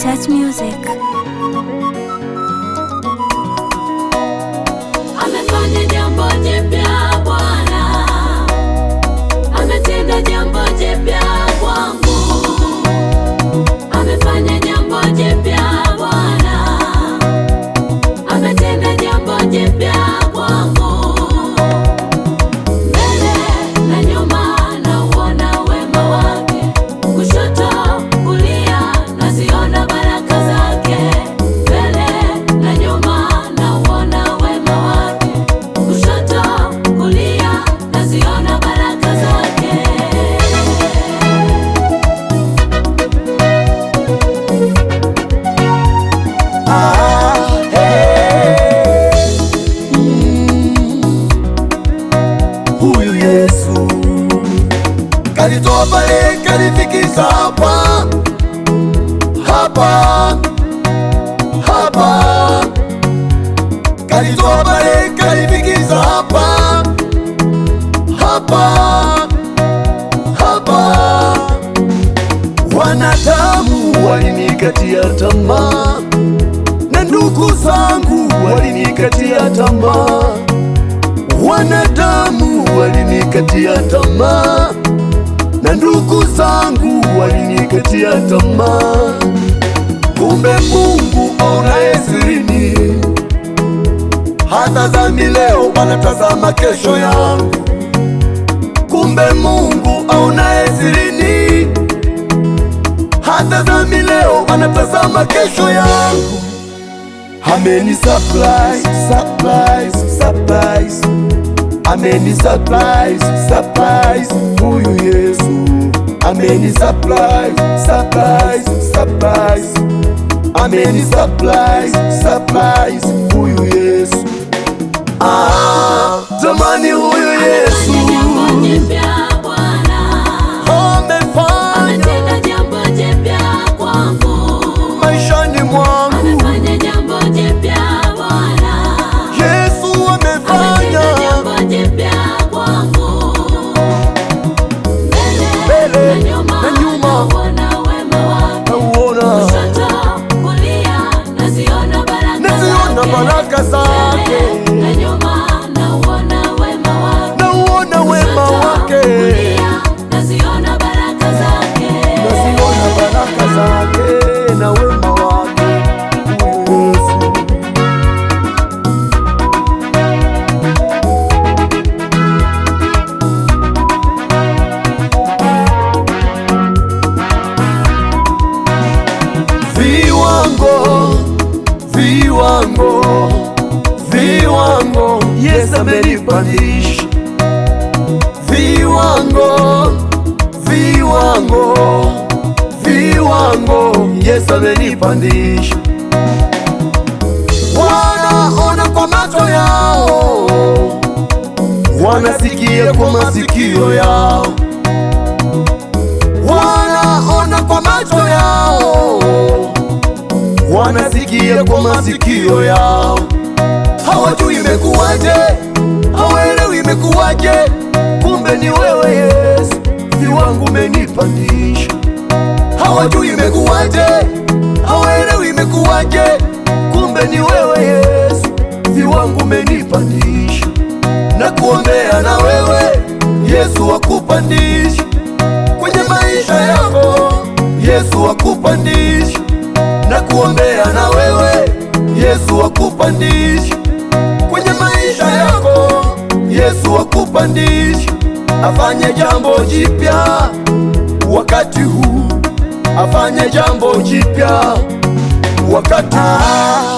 Touch Music. Kalitoa pale kalifikisha hapa hapa hapa, kalitoa pale kalifikisha hapa hapa hapa. Wanadamu walinikatia tamaa na ndugu zangu walinikatia tamaa, wanadamu walinikatia tamaa na ndugu zangu walinikatia tamaa, kumbe Mungu aonaye sirini hatazami leo, wanatazama kesho yangu. Kumbe Mungu aonaye sirini hatazami leo, wanatazama kesho yangu. Ameni surprise, surprise, surprise Amen is supplies, supplies oh o oh. Jesus. Amen is supplies, supplies, supplies. Amen is supplies, oh o for you, Jesus. Ah, zamani o Yesu vish viwango viwango viwango, Yesu amenipandisha. Wanaona kwa macho yao, wanasikia kwa masikio yao, wanaona kwa macho yao, wanasikia kwa masikio yao, hawajui imekuwaje imekuwaje? Kumbe ni wewe Yesu, ni wangu umenipandisha. Hawajui imekuwaje, hawaelewi imekuwaje, kumbe ni wewe Yesu, ni wangu umenipandisha. Na kuombea na wewe Yesu wakupandisha kwenye maisha yako, Yesu wakupandisha. Na kuombea na wewe Yesu wakupandisha Yesu akupandishe afanye jambo jipya wakati huu, afanye jambo jipya wakati huu.